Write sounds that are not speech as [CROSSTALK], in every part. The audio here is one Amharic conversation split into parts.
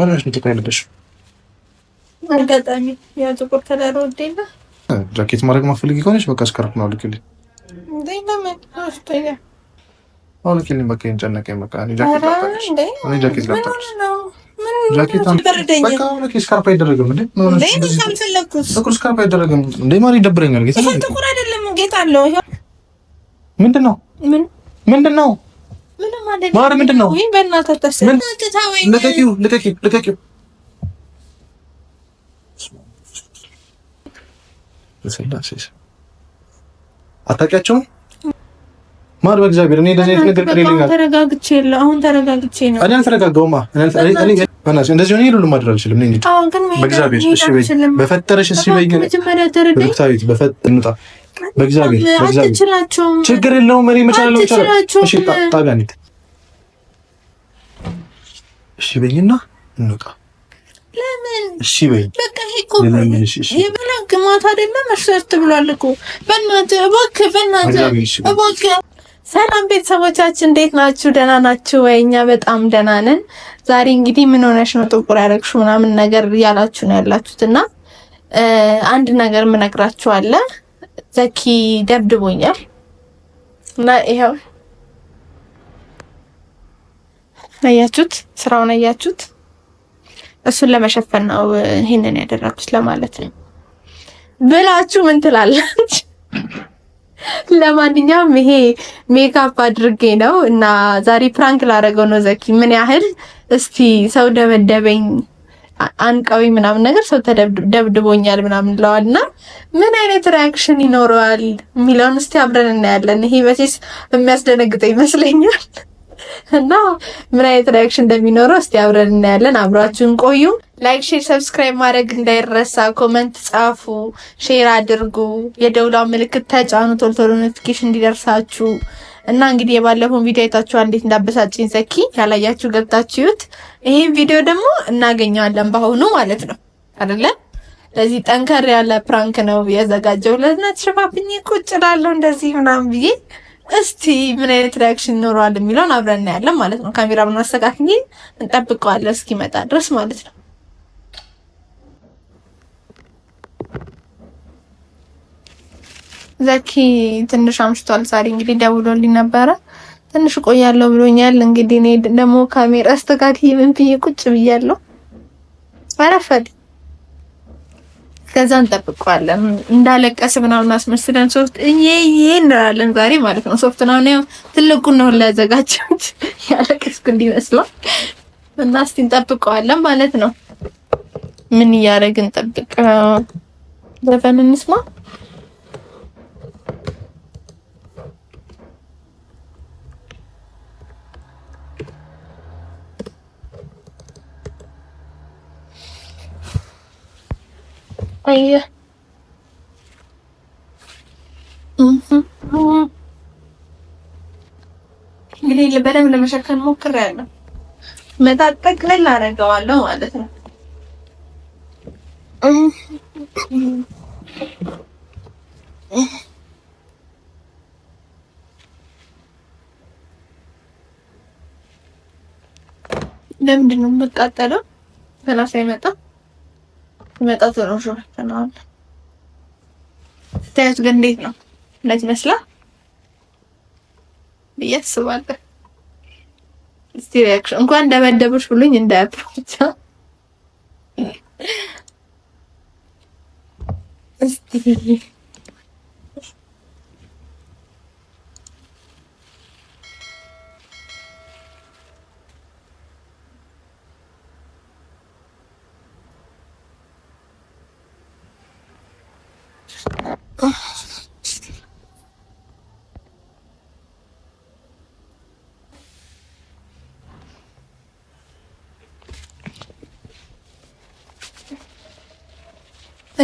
ማለሽ ምጥቅ አይለበሽ አጋጣሚ ያ ጥቁር ከለር ወደና ጃኬት ማድረግ ማፈልጊ ከሆነች በቃ ስካርፍ ነው ልክልኝ። አውልቅልኝ በቃ ጨነቀኝ። በቃ ጃኬት ስካርፍ አይደለም ጌታ ምንድን ነው ምንድን ነው ማር ምንድን ነው? አታውቂያቸውም? ማር በእግዚአብሔር እኔ እንደዚህ አይነት ነገር ቅሬለኛ። ተረጋግቼ አሁን ተረጋግቼ ነው። እኔ አልተረጋጋሁማ። እንደዚህ ሆኜ ሁሉም ማድረግ አልችልም። በእግዚአብሔር በፈጠረሽ እሺ በይኝ። በእግዚአብሔር በእግዚአብሔር ችግር የለውም። አይደለም ሰላም ቤተሰቦቻችን እንዴት ናችሁ? ደህና ናችሁ ወይ? እኛ በጣም ደህና ነን። ዛሬ እንግዲህ ምን ሆነሽ ነው ጥቁር ያደረግሽው ምናምን ነገር እያላችሁ ነው ያላችሁት እና አንድ ነገር ምነግራችሁ አለ ዘኪ ደብድቦኛል እና ይኸው አያችሁት፣ ስራውን አያችሁት። እሱን ለመሸፈን ነው ይሄንን ያደረኩት ለማለት ነው ብላችሁ ምን ትላለች? ለማንኛውም ይሄ ሜካፕ አድርጌ ነው እና ዛሬ ፕራንክ ላደረገው ነው ዘኪ። ምን ያህል እስቲ ሰው ደበደበኝ አንቀዊ ምናምን ነገር ሰው ተደብድቦኛል ምናምን ብለዋል እና ምን አይነት ሪያክሽን ይኖረዋል የሚለውን እስቲ አብረን እናያለን። ይሄ በሴስ የሚያስደነግጠው ይመስለኛል [LAUGHS] እና ምን አይነት ሪያክሽን እንደሚኖረው እስቲ አብረን እናያለን። አብራችሁን ቆዩ። ላይክ፣ ሼር፣ ሰብስክራይብ ማድረግ እንዳይረሳ። ኮመንት ጻፉ፣ ሼር አድርጉ፣ የደውላው ምልክት ተጫኑ፣ ቶልቶሎ ኖቲፊኬሽን እንዲደርሳችሁ እና እንግዲህ የባለፈውን ቪዲዮ አይታችሁ እንዴት እንዳበሳጭኝ ዘኪ ያላያችሁ ገብታችሁት፣ ይሄን ቪዲዮ ደግሞ እናገኘዋለን በአሁኑ ማለት ነው አይደለ? ለዚህ ጠንከር ያለ ፕራንክ ነው የዘጋጀው። ለና ሽፋፍኝ ቁጭ እላለሁ እንደዚህ ምናምን ብዬ እስቲ ምን አይነት ሪያክሽን ይኖረዋል የሚለውን አብረን እናያለን ማለት ነው። ካሜራ ብናስተካክል እንጠብቀዋለን እስኪመጣ ድረስ ማለት ነው። ዘኪ ትንሽ አምሽቷል። ዛሬ እንግዲህ ደውሎልኝ ነበረ ትንሽ ቆያለሁ ብሎኛል። እንግዲህ እኔ ደግሞ ካሜራ አስተካክዬ ምን ብዬ ቁጭ ብያለሁ። አረፈድ ከዛ እንጠብቀዋለን። እንዳለቀስ ምናምን አስመስለን ሶፍት እየዬ እንላለን ዛሬ ማለት ነው። ሶፍት ነው ነው ትልቁ ነው ላዘጋጀሁት [LAUGHS] ያለቀስኩ እንዲመስለው እና እስቲ እንጠብቀዋለን ማለት ነው። ምን እያደረግን እንጠብቀው ዘፈን እንስማ። 换音乐。嗯哼嗯。قولي لي بالي من المشاكل مو كرهنا ما تعطيك غير لا رجع ولا ما ለምንድን ነው የምቃጠለው? ገና ሳይመጣ ይመጣ ቶሎ ሾፈናዋል። ስታዩት ግን እንዴት ነው እንደዚህ መስላ ብዬ አስባለሁ። እስቲ ሪያክሽን እንኳን ደበደበሽ ብሎኝ እንዳያፍሩት እስቲ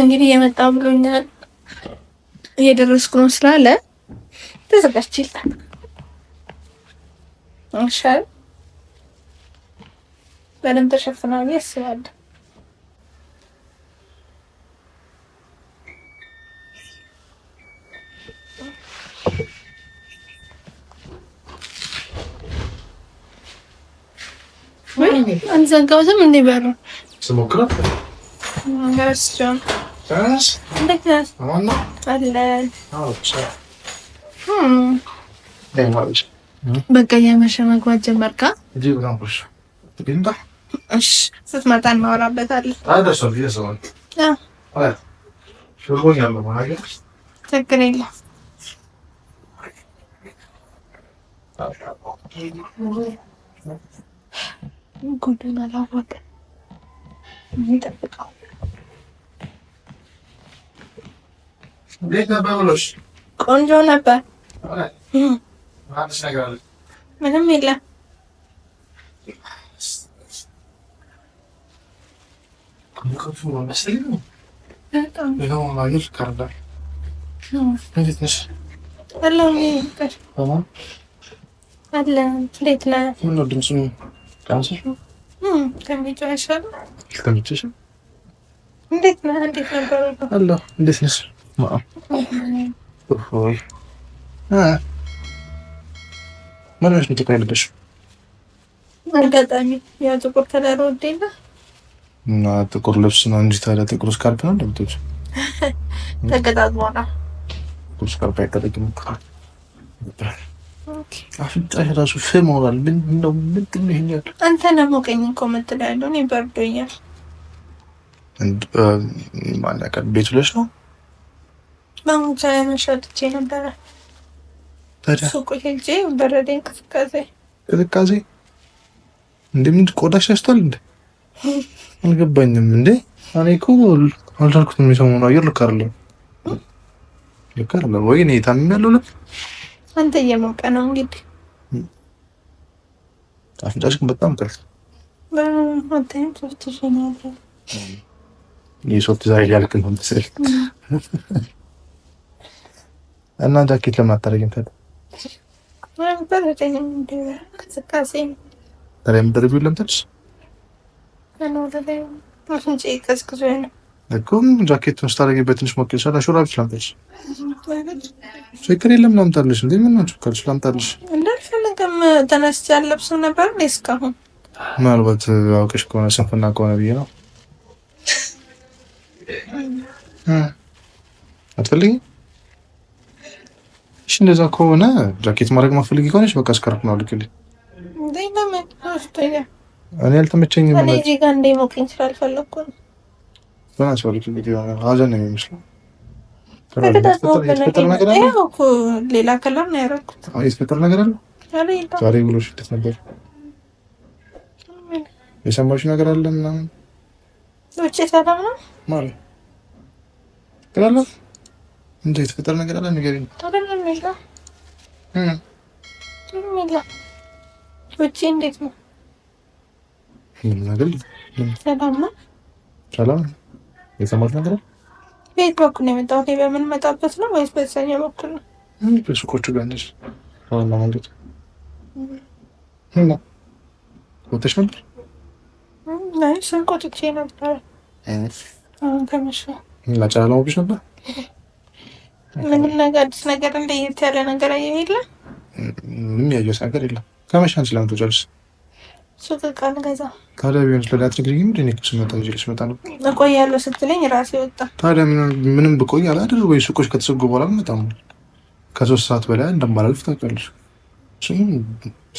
እንግዲህ የመጣ ብሎኛል እየደረስኩ ነው ስላለ ተዘጋጅላል ይሻል በደንብ ተሸፍናል አስባለሁ። አንዘጋውትም እንዴ በሩ ስሞክረው ጋስጆን በቃ የመሸ መግባት ጀመርካ? ስትመጣ እናወራበታለን። ችግር የለም። Golün ala bak. Bir dakika. Ne kadar olur? Konca ne be? Öyle. Hangisine gördün? Benim bile. Ne kadar olur? Mesela mi? Evet abi. Benim onlar yürü karda. Tamam. Ne gitmiş? Allah'ım iyi. Tamam. Allah'ım. Lütfen. Ne öldürsün? ቀምስሽ ነው እንዴት ነህ? እንዴት ነበር? አለሁ። እንዴት ነሽ? ምን ሆነሽ ነው ጥቁር ያለበሽው? አጋጣሚ ያ ጥቁር ከለር ወደ እና ጥቁር ልብስ ነው እንጂ ታዲያ ጥቁር ስካርፕ ነው እንደምትወጪው? ተገጣጥሞ ነው። ጥቁር ስካርፕ አይቀጠቅም እኮ አፍንጫሽ ራሱ ፍም ሆኗል። ምንድን ነው ምንድን ነው ይሄኛል? አንተ ለሞቀኝ እኮ የምትለው ያለው እኔ በርዶኛል። ማናቀር ቤት ውለሽ ነው? መሸጥቼ ነበረ ሱቁ ሄጄ እንደምን ቆዳሽ ያስቷል እንዴ? አልገባኝም እንዴ እኔ እኮ አልቻልኩትም። የሰሞኑ አየር ልክ አይደለም ልክ አይደለም ወይ? እኔ ታምሜያለሁ ልክ አንተ እየሞቀ ነው እንግዲህ አፍንጫሽን በጣም ቀርፍ በአንተም ሶፍት ዛሬ ያልክ ነው መሰለኝ። እና ጃኬት ለምን አታደርጊም ታዲያ? እንቅስቃሴ ቀዝቅዞ ነው እኮ ጃኬቱን ስታደርጊበት ትንሽ ሞቅ ይችላል። ሹራብ ላምጣልሽ፣ ችግር የለም ላምጣልሽ። እንዴ ምን ነው ችግር ላምጣልሽ። ተነስቼ አለብስም ነበር እንዴ እስካሁን። ምናልባት አውቅሽ ከሆነ ስንፍና ከሆነ ብዬ ነው። አትፈልጊም? እሺ እንደዛ ከሆነ ጃኬት ማድረግ ማፈልጊ ከሆነች በቃ ስካርፍ ነው ልክልኝ። እኔ አልተመቸኝም። እኔ እዚህ ጋር እንደ ሞቀኝ ስላልፈለኩ ነው በናቸው ልክ እንግዲህ የሆነ ሀዘን ነው የሚመስለው። ሌላ ከለር ነው ያደረኩት። የተፈጠረ ነገር አለ ዛሬ ብሎ ሽደት ነበር። የሰማሽ ነገር አለ ምናምን ውጭ ሰላም ነው ማለት ቅላለ እንደ የተፈጠረ ነገር አለ ንገሪኝ። ውጭ እንዴት ነው? ሰላም ነው። ሰላም ነው የሰማት ነገር ቤት በኩል ነው የመጣሁት። እኔ በምንመጣበት ነው ወይስ በተሰኛ በኩል ነው? በሱቆቹ ጋር ነሽ? ዋና መንገድ ወተሽ ነበር? ናይ ስንት ቆጥቼ ነበረ ከመሸ እና ጫላውብሽ ነበር። ምንም ነገር አዲስ ነገር እንደየት ያለ ነገር አየህ የለ? ምንም ያየሁት ነገር የለም። ከመሸ ስለምን ሱቅቃ ልገዛ ታዲያ ቢሆንስ ለዳትሪግሪ ምንድን ክስ መጣ ይዤልሽ መጣ ነበር እቆያለሁ ስትለኝ ራሴ ወጣ። ታዲያ ምንም ብቆይ አላደር ወይ ሱቆች ከተዘጉ በኋላ መጣም ከሶስት ሰዓት በላይ እንደማላልፍ ታውቂያለሽ።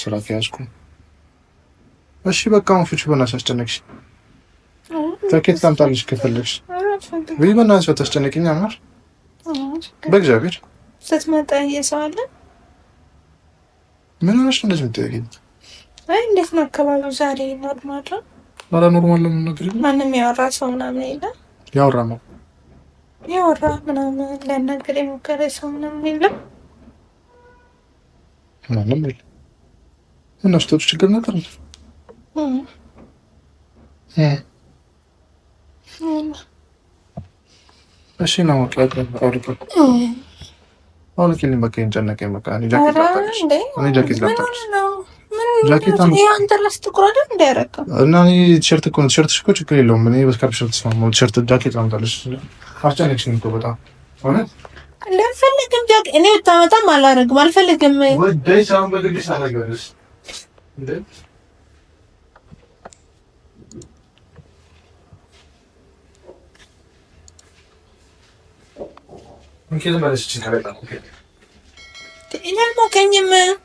ስራ ከያዝኩ እሺ በቃ አንፎች በእናትሽ አስጨነቅሽ። ጃኬት ታምጣልሽ ከፈለግሽ ወይ በእናትሽ አታስጨነቅኝ። አማር በእግዚአብሔር ስትመጣ እየሰዋለን ምን ሆነሽ እንደዚህ ምትያገኝ አይ እንዴት ነው አካባቢው ዛሬ? ኖርማል ነው። ኧረ ኖርማል ነው ነገር ማንም ያወራ ሰው ምናምን የለም። ያወራ ነው ያወራ ምናምን ለነገር የሞከረ ሰው ምናምን የለም። ማንም የለም። ምን አስተውጭ ችግር ነገር ነው። እሺ ነው ወጣት አውልቅ አውልቅ ሊመቀኝ ጨነቀኝ። በቃ እኔ ጃኬት ላጣች እኔ ጃኬት ላጣች እና ቲሸርት እኮ ቲሸርት እኮ ችግር የለውም። እኔ በስካር ቲሸርት ስማማ ቲሸርት ጃኬት አምጣለሽ። አስጨነቅሽኝ እኮ በጣም አልፈልግም ጃክ እኔ ብታመጣም አላደርግም። አልፈልግም ወደይ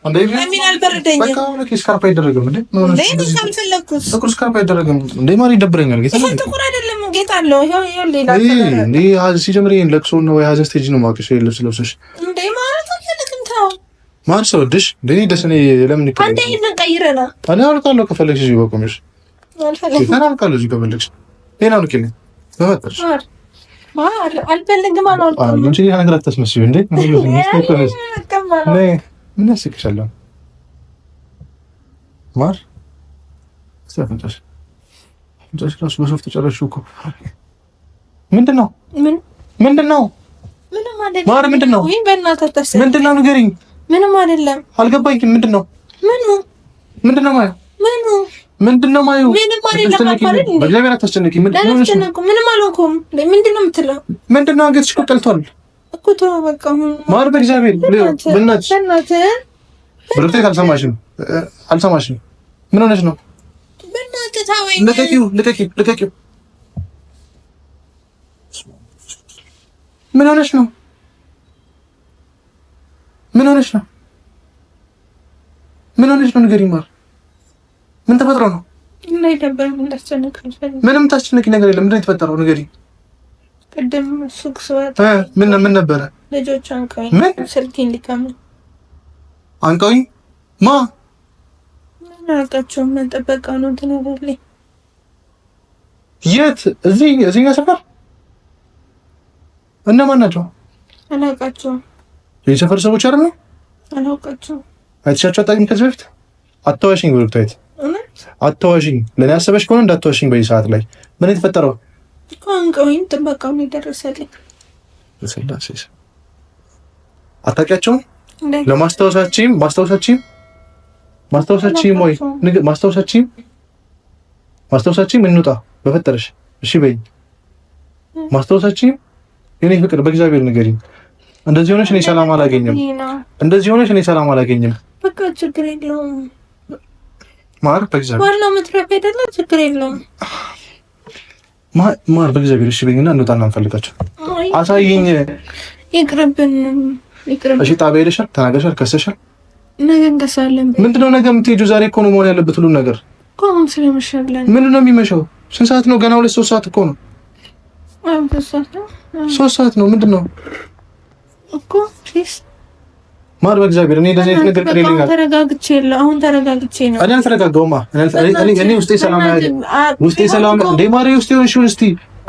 አልሞቀኝም። ሚን አልበረደኝም። በቃ ስካርፕ አይደረግም እንዴ ማሪ ይደብረኛል። ጌታ ጥቁር አይደለም ጌታ አለው። ሲጀምር ይሄን ለቅሶ ነው የሀዘን ስቴጅ ነው ማቅሽ ልብስ ለብሰሽ እንዴ ማለት ማን ሰውድሽ እንዴ ደስ እኔ ለምን አንዴ አልቃለሁ ከፈለግሽ እዚህ በቆምሽ ታዲያ አልቃለሁ እዚህ ከፈለግሽ ሌላ ነው ኪኒ በመጣሽ አልፈልግም አልወጣም ነገር አታስመስዩ እንዴ ምን ያስቅሻለሁ? ማር አፍንጫሽ አፍንጫሽ ራሱ በሶፍት ጨረሽው እኮ። ምንድን ነው ምንድን ነው ማር ምንድን ነው ምንድን ነው ንገሪኝ። ምንም አይደለም አልገባኝም። ምንድን ነው ምኑ ምንድን ነው ማየው ምኑ ምንድን ነው ማየው ምንም አይደለም። ምንድን ነው የምትለው? ምንድን ነው አንገትሽ እኮ ቀልቷል። እኮ ተወው በቃ። ማር በእግዚአብሔር በእናትሽ ብርቴት አልሰማሽም፣ አልሰማሽም። ምን ሆነሽ ነው? በእናትህ ተወኝ። ልቀቂው፣ ልቀቂው፣ ልቀቂው። ምን ሆነሽ ነው? ምን ሆነሽ ነው? ምን ሆነሽ ነው? ንገሪኝ ማር፣ ምን ተፈጥሮ ነው? ምንም ታስጨንቂ ነገር የለም። ምንድን ነው የተፈጠረው? ንገሪኝ ቅድም ሱቅ ስወጣ ምን ምን ነበረ? ልጆች አንቀውኝ፣ ምን ስልኬን ሊቀሙኝ አንቀውኝ። ማ አውቃቸውም ነው ትነግርልኝ? የት? እዚህ እዚህ ሰፈር እነማን ናቸው? አላውቃቸውም። የሰፈር ሰዎች አይደል? አላውቃቸውም። አይተሻቸው አታውቂም ከዚህ በፊት? አታዋሽኝ ብሩክታዊት፣ አታዋሽኝ። ለእኔ አሰበሽ ከሆነ እንዳታዋሽኝ። በዚህ ሰዓት ላይ ምን የተፈጠረው አንቀውኝ ጥበቃውን የደረሰልኝ ስላሴስ አታውቂያቸውም? ለማስታወሳችም ማስታወሳችም ማስታወሳችም ወይ ማስታወሳችም ማስታወሳችም እንውጣ በፈጠረሽ እሺ በይኝ። ማስታወሳችም የኔ ፍቅር በእግዚአብሔር ንገሪኝ። እንደዚህ ሆነሽ እኔ ሰላም አላገኘም እንደዚህ ሆነሽ እኔ ሰላም አላገኝም። በቃ ችግር የለውም ማር በእግዚአብሔር ዋናው መትረፍ አይደለ? ችግር የለውም ማር በእግዚአብሔር እሺ በይኝና እንወጣ እናንፈልጋቸው አሳይኝ። ይቅርብን፣ ይቅርብን። እሺ ጣቢያ ሄደሻል፣ ተናገርሻል፣ ከሰሻል። ነገ እንከሳለን። ምንድነው ነገ የምትሄጂው? ዛሬ እኮ ነው መሆን ያለበት ሁሉን ነገር። ቆም ስለመሸብለን ምንድነው የሚመሸው? ስንት ሰዓት ነው? ገና ሁለት ሶስት ሰዓት እኮ ነው። ሶስት ሰዓት ነው። ምንድነው እኮ ማር በእግዚአብሔር እኔ እንደዚህ ነገር ቅሬ ለኛ ተረጋግቼ የለ አሁን ተረጋግቼ ነው። እኔ አልተረጋጋሁማ። እኔ ውስጤ ሰላም አያገኝም። ውስጤ ሰላም እንደ ማሪ ውስጤ ሆነሽ እስቲ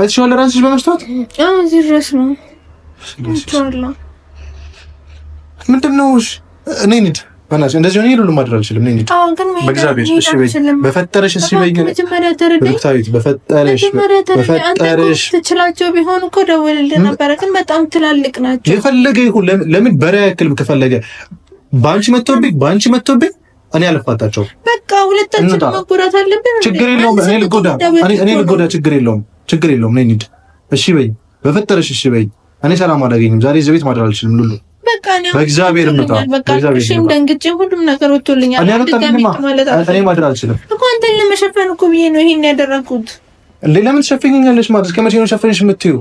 አይተሽዋል እራስሽ በመስታወት። አዎ እዚህ ድረስ ነው። ምንድን ነው እኔ እንሂድ በእናትሽ እንደዚህ ሆነ ሁሉ ማድረግ አልችልም። እኔ አሁን ግን በእግዚአብሔር እሺ በይ፣ በፈጠረሽ እሺ በይ። ግን በፈጠረሽ በፈጠረሽ ትችላቸው ቢሆን እኮ ደውልልህ ነበረ። ግን በጣም ትላልቅ ናቸው። የፈለገ ይሁን ለምን በሪያ ያክል ከፈለገ በአንቺ መጥቶብኝ በአንቺ መጥቶብኝ እኔ አልፋታቸው። በቃ ሁለታችን መጎዳት አለብን። ችግር የለውም። እኔ ልጎዳ እኔ ልጎዳ ችግር የለውም። ችግር የለውም። ነኝ እንሂድ። እሺ በይ፣ በፈጠረሽ እሺ በይ። እኔ ሰላም አላገኝም ዛሬ እዚህ ቤት ማድረግ አልችልም ሉሉ በእግዚአብሔር ምጣ በእግዚአብሔር ደንግጬ ሁሉም ነገር ወጥቶልኛል። እኔ ማድረግ አልችልም እኮ አንተን ለመሸፈን እኮ ብዬ ነው ይሄን ያደረኩት። እንዴ ለምን ትሸፍኝኛለሽ? ማለት እስከ መቼ ነው ሸፈንሽ የምትዩ?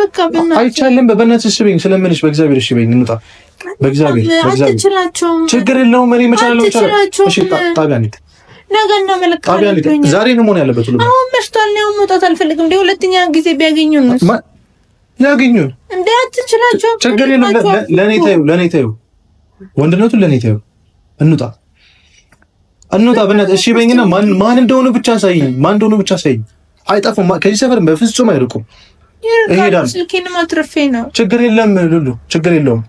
በቃ በእናትሽ አይቻልም። በእናትሽ እሺ በይኝ በእግዚአብሔር እሺ በይኝ እንውጣ። በእግዚአብሔር በእግዚአብሔር አትችላቸውም። ችግር የለውም። እኔ መቻለው እችላለሁ። ዛሬ ነው መሆን ያለበት ሁሉ። አሁን መሽቷል ነው መውጣት አልፈልግም። እንዴ ሁለተኛ ጊዜ ቢያገኙ ነው ያገኙ እንዴ አትችላቸው። ችግር የለም። ለኔ ታዩ፣ ለኔ ታዩ፣ ወንድነቱ ለኔ ታዩ። እንውጣ፣ እንውጣ በእናትህ እሺ በይኝና ማን ማን እንደሆነ ብቻ አሳይኝ፣ ማን እንደሆነ ብቻ አሳይኝ። አይጠፉም፣ ከዚህ ሰፈር በፍጹም አይርቁም። ይሄዳል። ስልኬንም ማትረፌ ነው። ችግር የለም ሉሉ፣ ችግር የለውም።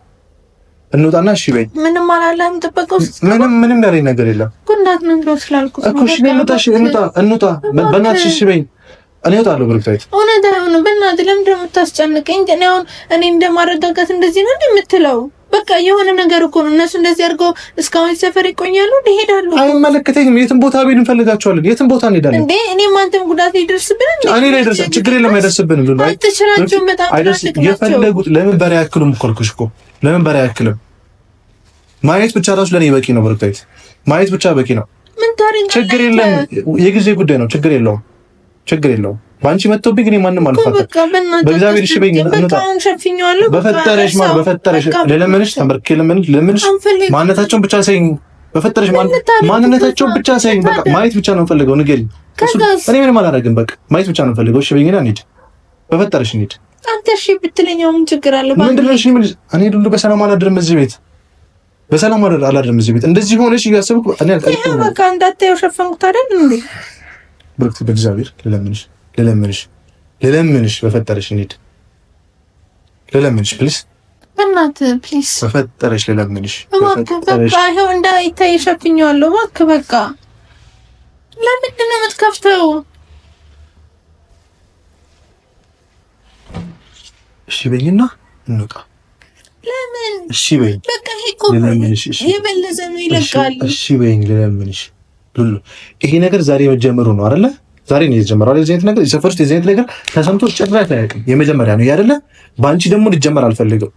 እንውጣና እሺ በይ። ምንም አላለም። ጥበቀው ምንም ምንም ያለኝ ነገር የለም። ኩንዳት ምን ነው ስላልኩ እኮ እሺ፣ እንውጣ፣ እንውጣ፣ እንውጣ በእናትሽ እሺ በይኝ። እኔ እወጣለሁ። ብሩክታዊት እውነት አይሆንም። በእናትህ ለምንድን ነው የምታስጨንቀኝ? እኔ አሁን እኔ እንደማረጋጋት እንደዚህ ነው እንደምትለው በቃ የሆነ ነገር እኮ ነው። እነሱ እንደዚህ አድርገው እስካሁን ሰፈር ይቆያሉ። ይሄዳሉ። አይመለከተኝም። የትም ቦታ ቤት እንፈልጋቸዋለን። የትም ቦታ እንሄዳለን። እንዴ እኔም አንተም ጉዳት ይደርስብን። እኔ ላይ ደርሳ ችግር የለም አይደርስብንም። ሉ አትችላቸውም። በጣም አይደርስ የፈለጉት ለምን በሬ አያክሉም እኮ አልኩሽ እኮ ለምን በሬ አያክልም። ማየት ብቻ ራሱ ለእኔ በቂ ነው። ብሩክታዊት ማየት ብቻ በቂ ነው። ምን ታሪክ ችግር የለም። የጊዜ ጉዳይ ነው። ችግር የለውም። ችግር የለውም። በአንቺ መጥቶብኝ ግን ማንም አልፋታም። በእግዚአብሔር እሺ በይኝ። በፈጠረሽ ማን በፈጠረሽ ለለመንሽ ለመንሽ ለምንሽ ማንነታቸውን ብቻ ሳይኝ በፈጠረሽ ማንነታቸውን ብቻ ሳይኝ በቃ ማየት ብቻ ነው ፈልገው ንገሪኝ። እኔ ምንም አላደርግም። በቃ ማየት ብቻ ነው ፈልገው። እሺ በይኝ እና እንሂድ። በፈጠረሽ እንሂድ። አንተ እሺ ብትለኛው ምን ችግር ምንድን ነው እሺ እኔ በሰላም አላድርም እዚህ ቤት በሰላም አላድርም እዚህ ቤት እንደዚህ ሆነሽ እያሰብኩ እኔ አልቀርኩም። በቃ እንዳታየው ሸፈንኩት አይደል እንዴ ብርክት በእግዚአብሔር ልለምንሽ ልለምንሽ ልለምንሽ በፈጠረሽ እንሂድ ልለምንሽ ፕሊስ በእናትህ ፕሊስ በፈጠረሽ ልለምንሽ በቃ ይኸው እንዳይታይ ሸፍኛለሁ እባክህ በቃ ለምንድን ነው የምትከፍተው እሺ በይና እንውጣ ለምን እሺ በይኝ በቃ ይሄ እኮ የበለዘ ነው ይለቃል እሺ በይኝ ልለምንሽ ይሄ ነገር ዛሬ መጀመሩ ነው አይደለ? ዛሬ ነው የተጀመረው አይደል? ዘይት ነገር የሰፈር ውስጥ የዘይት ነገር ተሰምቶ ጭራሽ አያውቅም። የመጀመሪያ ነው ያደለ? በአንቺ ደግሞ ልጀመር አልፈልግም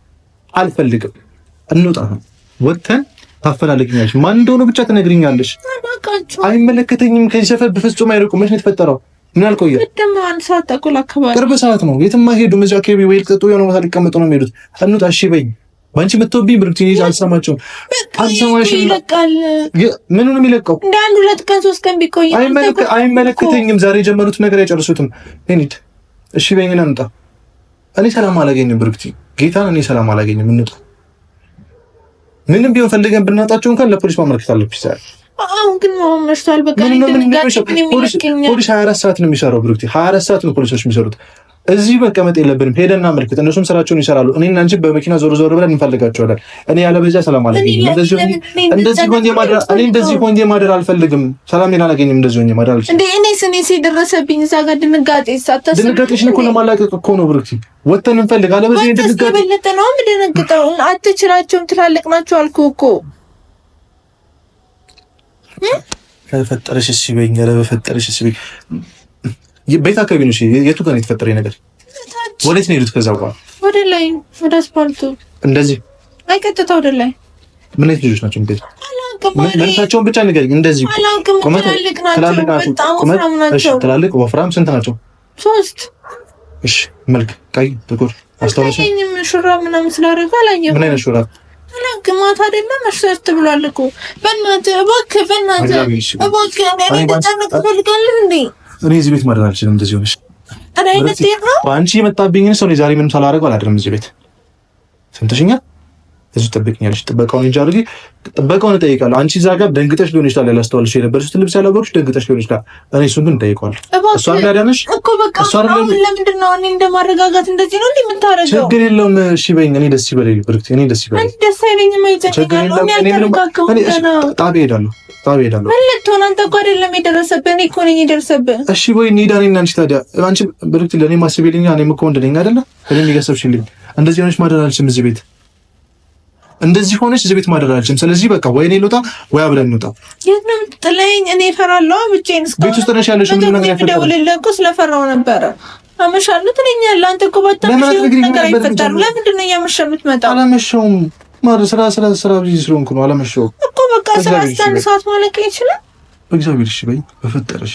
አልፈልግም። እንውጣ፣ ወጥተን ታፈላልግኛለሽ። ማን እንደሆነ ብቻ ትነግሪኛለሽ። አይመለከተኝም። ከዚህ ሰፈር በፍጹም አይርቁም። መች ነው የተፈጠረው? ምን አልቆየ ቅርብ ሰዓት ነው። የትም አይሄዱም። እዚያ አካባቢ ወይ ልጠጡ የሆነ ቦታ ሊቀመጡ ነው የሚሄዱት። እንውጣ፣ እሺ በይኝ ባንቺ የምትወቢኝ ብሩክቲ አልሰማችሁም። አልሰማሽም። ምኑ ነው የሚለቀው? እንደ አንድ ሁለት ቀን ሶስት ቀን ቢቆይ አይመለከተኝም። ዛሬ የጀመሩት ነገር አይጨርሱትም። እንዴት እሺ በይኝና እንጣ። እኔ ሰላም አላገኝም ብርክቲ፣ ጌታን እኔ ሰላም አላገኝም። እንጣ ምንም ቢሆን ፈልገን ብናጣቸው እንኳን ለፖሊስ ማመልከት አለብሽ። ዛሬ አሁን ግን መሽቷል። በቃ ፖሊስ ሀያ አራት ሰዓት ነው የሚሰራው ብርክቲ፣ ሀያ አራት ሰዓት ነው ፖሊሶች የሚሰሩት። እዚህ መቀመጥ የለብንም። ሄደና መልክት እነሱም ስራቸውን ይሰራሉ። እኔና አንቺ በመኪና ዞር ዞር ብለን እንፈልጋቸዋለን። እኔ ያለበዚያ ሰላም አለ እንደዚህ ሆኜ ማደር አልፈልግም። ሰላም ሌላ አላገኝም። እንደዚህ ሆኜ ማደር አልፈልግም። እኔ ስኔስ የደረሰብኝ እዛ ጋር ድንጋጤ ሳታስ ድንጋጤሽን እኮ ለማላቀቅ እኮ ነው ብሩክቲ፣ ወተን እንፈልግ አለበዚያ ድንጋጤ በለጠ ነው የምደነግጠው። አትችላቸውም፣ ትላልቅ ናቸው አልኩህ እኮ ከፈጠረሽ እስኪ በይኝ፣ ኧረ ቤት አካባቢ ነው። የቱ ጋር የተፈጠረ ነገር? ወዴት ነው የሄዱት? ከዛ በኋላ ወደ ላይ ወደ አስፓልቱ እንደዚህ አይቀጥታ ወደ ላይ። ምን አይነት ልጆች ናቸው? እንግዲህ መልካቸውን ብቻ ንገሪኝ። እንደዚህ ትላልቅ ወፍራም ስንት ናቸው? ሶስት። እሺ መልክ ቀይ፣ ጥቁር አስታወሰ። ምናምን ስላደረገ አላየሁም። ምን አይነት ግማት አይደለም ብሏል እኮ። በእናትህ እባክህ፣ በእናትህ እባክህ፣ እኔ ተጨነቅ ፈልጋለሁ እንዴ እኔ እዚህ ቤት ማደር አልችልም። እንደዚህ ሆነሽ በአንቺ የመጣብኝን ሰው ዛሬ ምንም ሳላደርገው አላደርም እዚህ ቤት ሰምተሽኛል። እዚህ ጠብቅኛለች። ጥበቃውን እንጂ አድርጊ፣ ጥበቃውን እጠይቃለሁ። አንቺ እዛ ጋር ደንግጠሽ ሊሆን ይችላል ያላስተዋልሽ የነበረች ልብስ ያለበሮች ደንግጠሽ ሊሆን ይችላል። እኔ እሱን ግን እጠይቀዋለሁ። እሷ እንዳዳነሽ ለምንድን ነው እኔ እንደማረጋጋት እንደዚህ ነው የምታረገው? ችግር የለውም እሺ በይኝ። እኔ ደስ ይበለኝ ብርክት፣ እኔ ደስ ይበለኝ። ደስ አይለኝም። ጣቢያ እሄዳለሁ ጣቢያ እሄዳለሁ። ልትሆን አንተ እኮ አይደለም የደረሰብህ፣ እኔ እኮ ነኝ የደረሰብህ። እሺ ወይ እንሂዳ አንቺ ታዲያ። አንቺ ብርክት ለእኔ ማስቤልኛ እኔም እኮ ወንድ ነኝ አይደለ? እኔም እንደዚህ ሆነሽ ማደር እዚህ ቤት እንደዚህ ሆነች እዚህ ቤት ማደር አልችልም። ስለዚህ በቃ ወይ እኔ ልውጣ ወይ አብረን እንውጣ። የትም ጥለኝ እኔ እፈራለሁ። ብቻዬን እስከ ቤት ውስጥ ነሽ ያለሽ ምን ነገር ያፈራል። ደውልልህ እኮ ስለፈራው ነበረ አመሻለሁ ትለኛለህ አንተ እኮ ባታመሽ ነገር አይፈጠርም። ለምንድን ነው እያመሸህ የምትመጣው? አላመሸሁም ማለት ስራ ስራ ስራ ቢዚ ስለሆንኩ ነው። አላመሸሁም እኮ በቃ ስራ ስራ ሰዓት ማለት ይችላል። በእግዚአብሔር እሺ በይኝ በፈጠረሽ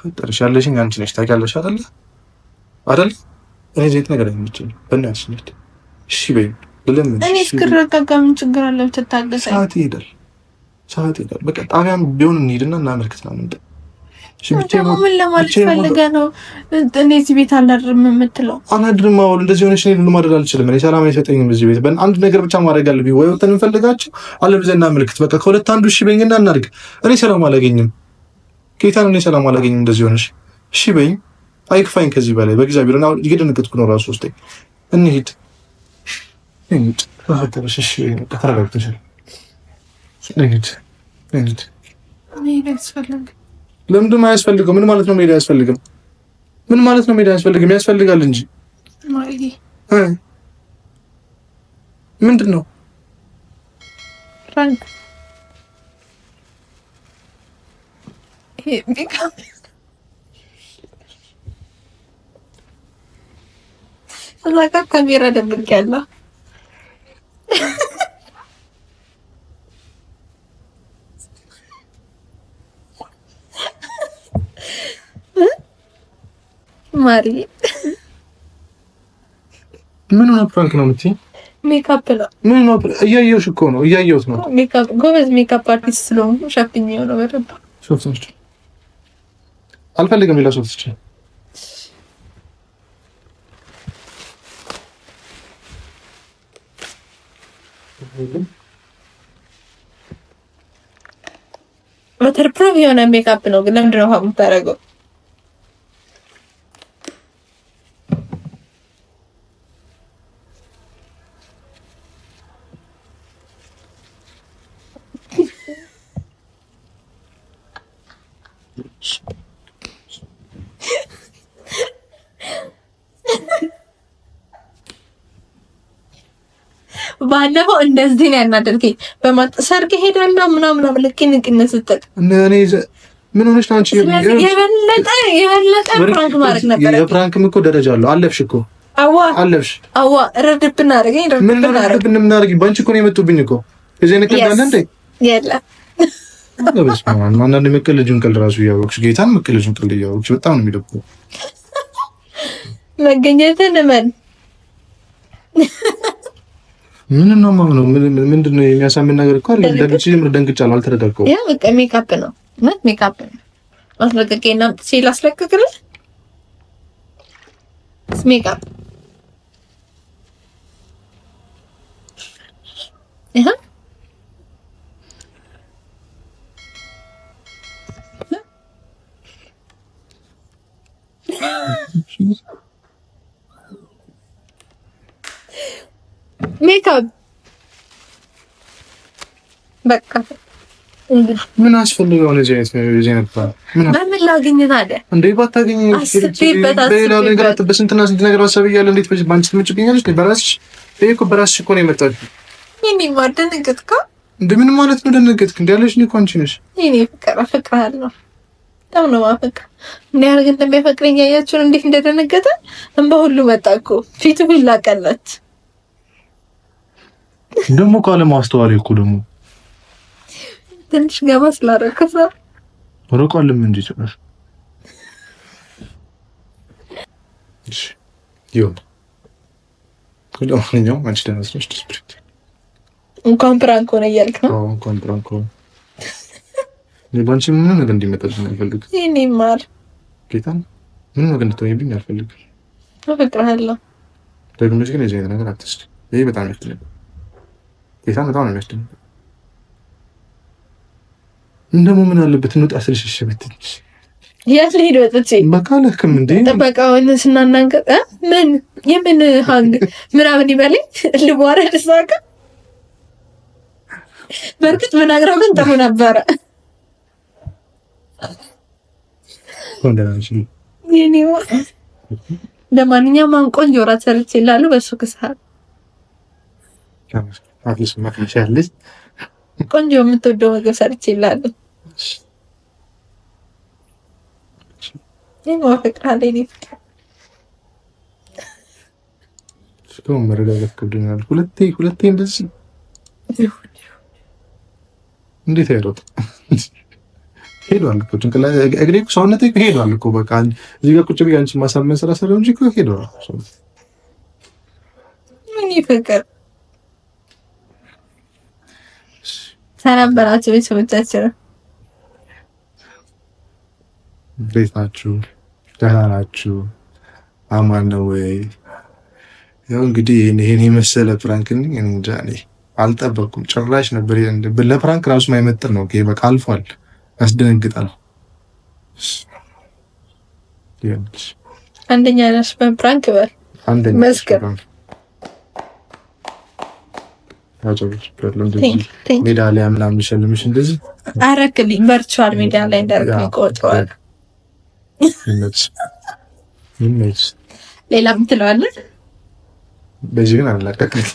ፈጠረሽ ያለሽኝ አንቺ ነሽ ታውቂያለሽ አይደለ አይደል? እኔ ዘይት ነገር አይመቸኝም። በእናትሽ ነድ እሺ በይ ልለምን። እኔ እስክረጋጋ ምን ችግር አለ ብትታገሰ? ሰዓት ይሄዳል፣ ሰዓት ይሄዳል። በቃ ጣቢያም ቢሆን እንሂድና እናመልክት ነው ምንጠ ደግሞ ምን ለማለት ፈልገ ነው? እኔ እዚህ ቤት አላድርም የምትለው? አላድርም። አሁን እንደዚህ ሆነሽ እኔ ምን ማድረግ አልችልም። እኔ ሰላም አይሰጠኝም እዚህ ቤት። አንድ ነገር ብቻ ማድረግ አለብኝ። ወይ ወተን እንፈልጋቸው አለብዘ እናመልክት። በቃ ከሁለት አንዱ እሺ በይኝና እናድርግ። እኔ ሰላም አላገኝም። ጌታን እኔ ሰላም አላገኝም እንደዚህ ሆነሽ እሺ በይኝ፣ አይክፋኝ ከዚህ በላይ በእግዚአብሔር ና እየደነገጥኩ ነው ራሱ ውስጥ እንሂድ ለምንድን ነው አያስፈልገው? ምን ማለት ነው መሄድ አያስፈልግም? ምን ማለት ነው መሄድ አያስፈልግም? ያስፈልጋል እንጂ ምንድን ነው Wie, wie እዛ ጋር ካሜራ ደብቅ ያለው ማሪ ምን ነው ፕራንክ ነው የምትይኝ? ሜካፕ ነው። ምን ነው እያየሁሽ እኮ ነው፣ እያየሁት ነው። ሜካፕ ጎበዝ ሜካፕ አርቲስት ስለሆንኩ ሸፍኜው ነው በደንብ ሸፍነሽ አልፈልግም ሌላ ሰው ትች ወተርፕሩፍ የሆነ ሜካፕ ነው ግን ለምንድነው የምታደርገው? ደግሞ እንደዚህ ነው ያናደርገኝ። በማጥ ሰርግ ሄዳለሁ ምናምን ምናምን ልክ ንቅነት ስጠቅ ምን ሆነሽ ታንቺ? የበለጠ የበለጠ ፍራንክ ማድረግ ነበር። የፍራንክም እኮ ደረጃ አለው። አለፍሽ እኮ አዋ፣ አለፍሽ አዋ። ረድብን አደረገኝ። ምን ረድብን ምን አደረገኝ? በአንቺ እኮ ነው የመጡብኝ እኮ እዚህ አይነት ቀልድ አለ እንዴ? የለም አንዳንድ ምቅል ልጁን ቀልድ ራሱ እያወቅሽ ጌታን ምቅል ልጁን ቀልድ እያወቅሽ በጣም ነው የሚደብረው። መገኘትን እመን ምን ነው ማለት ነው? ምንድን ነው የሚያሳምን ነገር እኮ አይደለም። ደንግጬ ደንግጫለሁ። አልተረጋጋሁም። ያ በቃ ሜካፕ ነው ማለት ሜካፕ ነው። ማስለቀቂያና ሲል አስለቀቅልህ ሜካፕ ይሄ ሜካፕ በቃ ምን አስፈልገው ነው? ዘይት ነው ዘይት ነው። በምን ላገኝ ታዲያ? እንዴ ባታገኝ በሌላ ነገር በስንትና ስንት ነገር ሀሳብ እያለ እንዴት በአንቺ ትመጭብኛለሽ? በራስሽ እኮ በራስሽ እኮ ነው የመጣችው። የኔ ማር ደነገጥክ? እንደምን ማለት ነው ደነገጥክ? እንዳለሽ እኔ እኮ አንቺ ነሽ። የኔ ፍቅር አፈቅርሃለሁ። በጣም ነው የማፈቅር። ምን ያህል እንደሚያፈቅረኝ ያያችሁን እንዴት እንደደነገጠ እንባ ሁሉ መጣ እኮ ፊቱ ሁላ ቀላት ደግሞ ካለ ማስተዋል እኮ ደግሞ ትንሽ ገባ ስላረከሰ ወረቀልም እንጂ ጭራሽ ይሁን። ለማንኛውም አንቺ ለመስሎሽ ድስፕሪት እንኳን ፕራንክ ሆነ እያልክ ነው? አዎ እንኳን ፕራንክ ሆነ። ባንቺ ምንም ነገር እንዲመጣልሽ አልፈልግም። ይሄኔ ማር ጌታን ምንም ነገር እንድትሆኝብኝ አልፈልግም። እፈቅርሃለሁ። ደግሞሽ ግን የዚህ ነገር አትስድ። ይሄ በጣም ያክል ጌታን በጣም ነው የሚያስደንቀው። እንደሞ ምን አለበት እንውጣ ስልሽሽ ብትንሽ የት ልሄድ ወጥቼ በቃ ልክም እንዴ ጥበቃውን ስናናንቀጥ ምን የምን ሀንግ ምናምን ይበለኝ ልቧረ ሳቀ። በእርግጥ ብናግረው ግን ጥሩ ነበረ። ለማንኛውም ቆንጆ ራት ሰርቼ ይላሉ በሱ ክሳል አብሽ መካሻለች ቆንጆ የምትወደው ምግብ ሰርች ይላሉ። ይህ እስካሁን መረዳዳት ከብዶኛል። ሁለቴ ሁለቴ እንደዚህ እንዴት አይሮጥ ሄዷል እኮ ጭንቅላ እግሬ እኮ ሰውነቴ እኮ ሄዷል እኮ በቃ እዚህ ጋር ቁጭ ብዬ አንቺን ማሳመን ስራ ሰለው እንጂ እኮ ሄዷል። ምን ይፈቀር ተነበራችሁ ቤተሰቦቻችን እንዴት ናችሁ? ደህና ናችሁ? አማን ነው ወይ? ያው እንግዲህ ይሄን የመሰለ ፕራንክ እንጃ እኔ አልጠበቅኩም ጭራሽ ነበር። ለፕራንክ ራሱ ማይመጥን ነው። በቃ አልፏል። ያስደነግጣል። አንደኛ ነሽ በፕራንክ በል መስገር አጨብጭብያለሁ። እንደዚህ ሜዳሊያ ምናምን ሸልምሽ እንደዚህ አረክልኝ። ቨርቹዋል ሜዳሊያ እንዳደረግን ይቆጠዋል። ሌላ ምትለዋለን። በዚህ ግን አልለቀቀኝም፣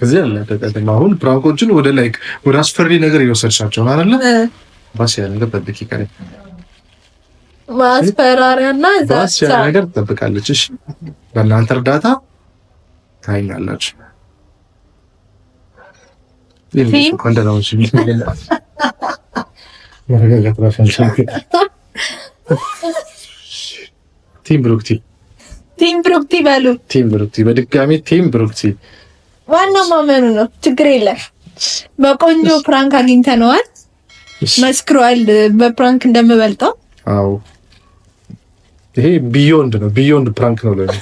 ከዚህ አልለቀቀኝም። አሁን ፕራንኮችን ወደ ላይ ወደ አስፈሪ ነገር የወሰድሻቸው አለ ባስ ያ ነገር ጠብቂኝ። ማስፈራሪያና ባስ ያ ነገር ትጠብቃለች። እሺ በእናንተ እርዳታ ታይኛላችሁ። ቲም ብሩክቲ ቲም ብሩክቲ በሉ። ቲም ብሩክቲ በድጋሚ ቲም ብሩክቲ። ዋናው ማመኑ ነው። ችግር የለም። በቆንጆ ፕራንክ አግኝተነዋል። መስክሯል። በፕራንክ እንደምበልጠው። አዎ ይሄ ቢዮንድ ነው። ቢዮንድ ፕራንክ ነው ለኔ።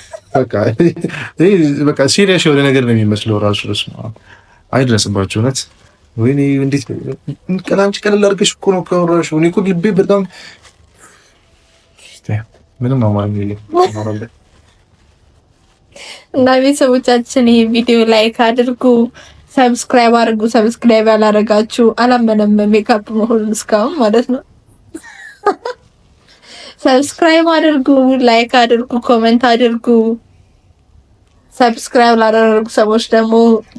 በቃ ይሄ በቃ ሲሪየስ የሆነ ነገር ነው የሚመስለው ራሱ ነው አይድረስባቸው። እውነት ወይኔ እንዴት ቀላንቺ ቀለል አድርገሽ እኮ ነው ከወራሽ። እኔ እኮ ልቤ በጣም ምንም አማርኛ የለም እና ቤተሰቦቻችን ይሄ ቪዲዮ ላይክ አድርጉ፣ ሰብስክራይብ አድርጉ። ሰብስክራይብ ያላረጋችሁ አላመነም ሜካፕ መሆኑን እስካሁን ማለት ነው። ሰብስክራይብ አድርጉ፣ ላይክ አድርጉ፣ ኮሜንት አድርጉ። ሰብስክራይብ ላደረጉ ሰዎች ደግሞ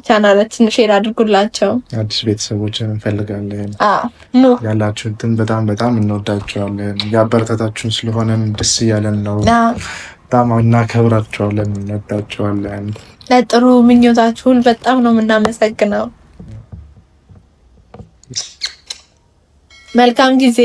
ቻናላችን ሼር አድርጉላቸው። አዲስ ቤተሰቦችን እንፈልጋለን። ያላችሁትን በጣም በጣም እንወዳቸዋለን። ያበረታታችሁን ስለሆነን ደስ እያለን ነው። በጣም እናከብራቸዋለን፣ እንወዳቸዋለን። ለጥሩ ምኞታችሁን በጣም ነው የምናመሰግነው። መልካም ጊዜ